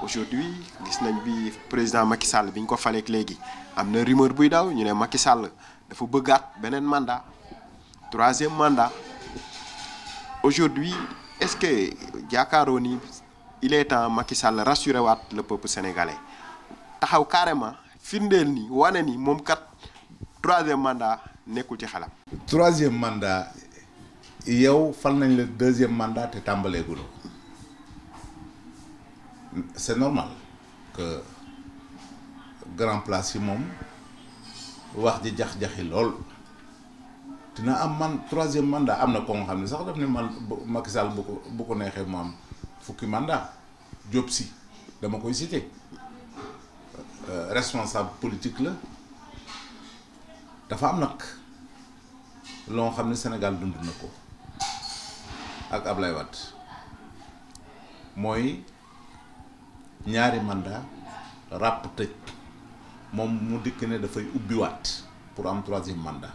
aujourd'hui gis nañ bi président Macky Sall bi ko faleek léegi am na rumeur buy daaw ñu ne Macky Sall dafa bëggaat beneen mandat troisième mandat aujourd'hui est-ce que jaakaaroo ni il est temps Macky Sall rassuré waat le peuple sénégalais taxaw carrément firndeel ni wane moom kat troisième mandat nekkul ci xalam. troisième mandat yow fal nañ la deuxième mandat te tàmbaleeguloo c'est normal que grand place yi moom wax ji jax-jaxi lool dina am man troisième mandat am na ko xam ne sax daf ne man Macky Sall bu ko bu ko neexee mu am fukki mandat Diop si dama koy cité euh, responsable politique la. dafa am nag loo xam ne Sénégal dund na ko ak Ablaye Wade mooy ñaari mandat ràpp tëj moom mu dikk ne dafay ubbiwaat pour am troisième mandat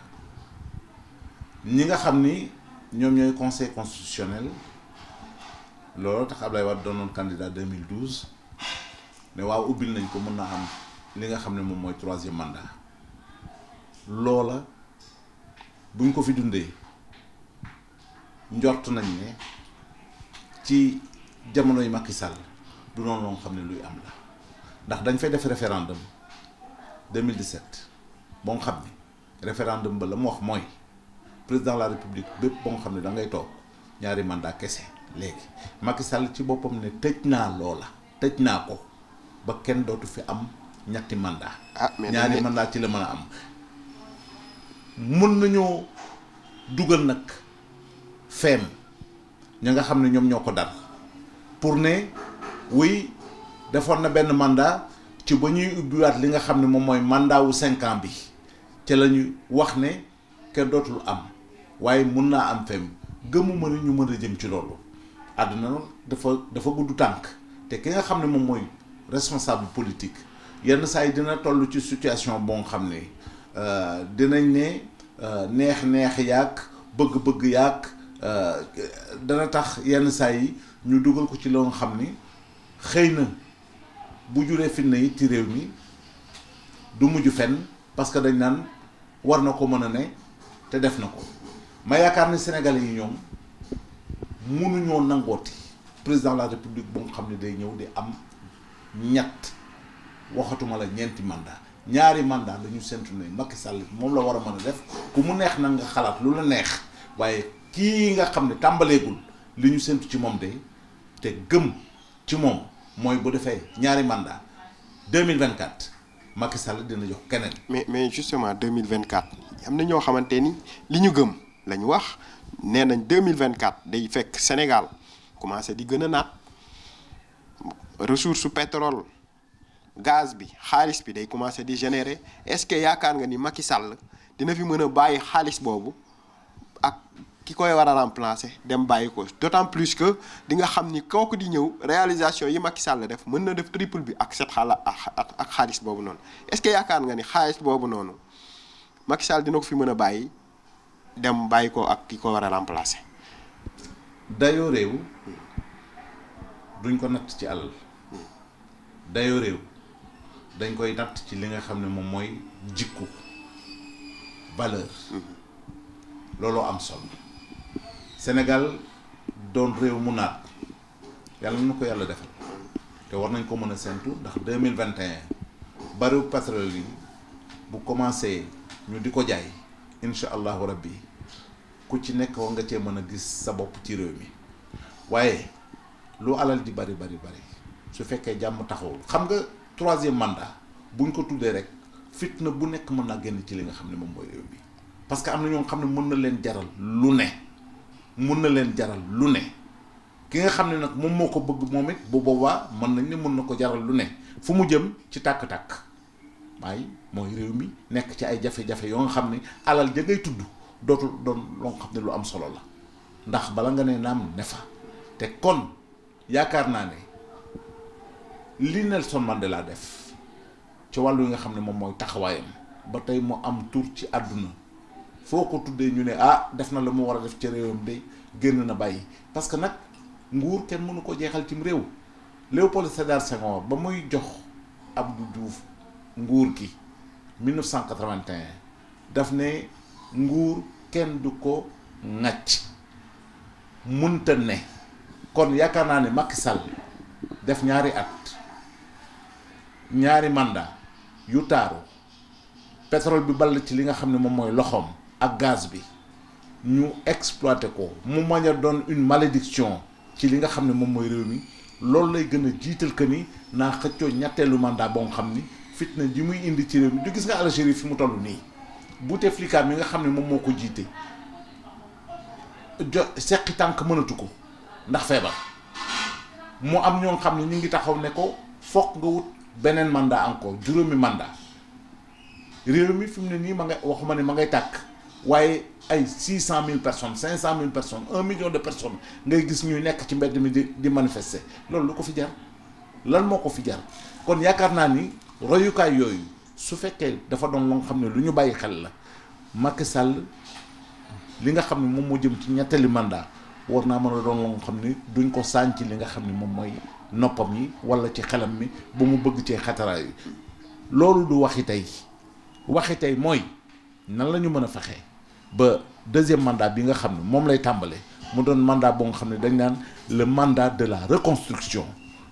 ñi nga xam ni ñoom ñooy conseil constitutionnel loolu tax Ablaye Wade doonoon candidat 2012 mais waaw ubbil nañ ko mën na am li nga xam ne moom mooy troisième mandat loola buñ ko fi dundee njort nañ ne ci jamonoy Macky Sall du noonu loo xam ne luy am la ndax dañ fay def référendum 2017 ba nga xam ne référendum ba la mu wax mooy président la république bépp ba nga xam ne dangay toog ñaari mandat kese léegi Macky Sall ci boppam ne tëj naa loola tëj naa ko ba kenn dootu fi am ñetti mandat ah, ñaari mandat ci la mën a am mën nañoo dugal nag feem ña nga xam ne ñoom ñoo ko dar pour ne wuy defoon na benn mandat ci ba ñuy ubbiwaat li nga xam ne moom mooy mandat wu cinq bi ca la ñu wax ne kenn dootul am waaye mun naa am feem gëmuma ne ñu mën a jëm ci loolu àdduna dafa dafa gudd tànk te ki nga xam ne moom mooy responsable politique yenn saa yi dina toll ci situation boo xam ne Euh, dinañ ne euh, neex-neex yàq bëgg-bëgg yàq euh, dana tax yenn saa yi ñu dugal ko ci loo xam ni xëy na bu juree fitna yi ci réew mi du mujj fen parce que dañ naan war na ko mën a ne te def na ko ma yaakaar ni Sénégalais yi ñoom munuñoo nangooti président de la république bu xam ne day ñëw di am ñett waxatuma la ñeenti mandat ñaari mandat la ñu séntu ne Macky Sall moom la war a mën a def ku mu neex nag nga xalaat lu la neex waaye kii nga xam ne tàmbaleegul li ñu séntu ci moom de te gëm ci moom mooy bu defee ñaari deux mandat 2024 Macky Sall dina jox keneen. mais mais justement 2024 am na ñoo xamante ni li ñu gëm la ñu wax nee nañ 2024 day fekk Sénégal commencé di gën a naat ressource pétrole. gaz bi xaalis bi day commencer di générer est-ce que yaakaar nga ni Macky Sall dina fi mën a bàyyi xaalis boobu ak ki koy war a remplacer dem bàyyi ko d'autant plus que di nga xam ni kooku di ñëw réalisation yi Macky Sall def mën na def triple bi ak set xaala ak xaalis boobu noonu est-ce que yaakaar nga ni xaalis boobu noonu Macky Sall dina ko fi mën a bàyyi dem bàyyi ko ak ki ko war a remplacer. dayoo réew duñ ko natt ci alal hmm. dayoo réew. dañ koy natt ci li nga xam ne moom mooy jikku valeur looloo am sol Sénégal doon réew mu naat yàlla na ko yàlla defal te war nañ ko mën a séntu ndax deux mille vingt et un baril pétrole yi bu commencé ñu di ko jaay incha allahu rabbi ku ci nekk nga cee mën a gis sa bopp ci réew mi waaye lu alal di bari bari bari su fekkee jàmm taxawul xam nga. troisième mandat bu ñu ko tuddee rek fitna bu nekk mën naa génn ci li nga xam ne moom mooy réew bi parce que am na ñoo xam ne mën na leen jaral lu ne mën na leen jaral lu ne ki nga xam ne nag moom moo ko bëgg moom it bu boobaa mën nañ ne mën na ko jaral lu ne fu mu jëm ci tàkk-tàkk waaye mooy réew mi nekk ci ay jafe-jafe yoo nga xam ne alal ja tudd dootul doon loo xam ne lu am solo la ndax bala nga ne naam ne fa te kon yaakaar naa ne. li Nelson Mandela def ci wàllu yi nga xam ne moom mooy taxawaayam ba tey mu am tur ci àdduna foo ko tuddee ñu ne ah def na la mu war a def ci réewam de génn na bàyyi parce que nag nguur kenn mënu ko jeexal cim réew Léopold Sédar Senghor ba muy jox Abdou Diouf nguur gi 1981 daf ne nguur kenn du ko ŋàcc munta ne kon yaakaar naa ne Macky Sall def ñaari at ñaari mandat yu taaru pétrole bi ball ci li nga xam ne moom mooy loxoom ak gaz bi ñu exploité ko mu mañ doon une malédiction ci li nga xam ne moom mooy réew mi loolu lay gën a jiital que ni naa xëccoo ñetteelu mandat boo xam ni fitna ji muy indi ci réew mi du gis nga Algérie fi mu toll nii Bouteflika mi nga xam ne moom moo ko jiite jo seqi tànk mënatu ko ndax feebar mu am ñoo xam ne ñu ngi taxaw ne ko foog nga wut. beneen mandat encore juróomi mandat réew mi fi mu ne nii ma ngay waxuma ne ma ngay tàkk waaye ay six cent mille personnes cinq cent mille personnes un million de personnes ngay gis ñuy nekk ci mbedd mi di di manifester loolu lu ko fi jar lan moo ko fi jar kon yaakaar naa ni royukaay yooyu su fekkee dafa doon loo xam ne lu ñu bàyyi xel la Macky Sall li nga xam ne moom moo jëm ci ñetteeli mandat war naa mën a doon loo xam ne duñ ko sànc li nga xam ne moom mooy. noppam yi wala ci xelam mi ba mu bëgg cee xataraay loolu du waxi tey waxi tey mooy nan la ñu mën a fexee ba deuxième mandat bi nga xam ne moom lay tàmbale mu doon mandat boo nga xam ne dañ naan le mandat de la reconstruction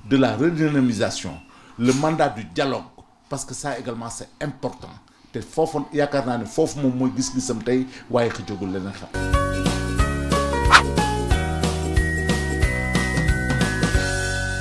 de la redynamisation le mandat du dialogue parce que ça également c'est important te foofu yaakaar naa ne foofu moom mooy gis-gisam tey waaye xëccagul leneen xam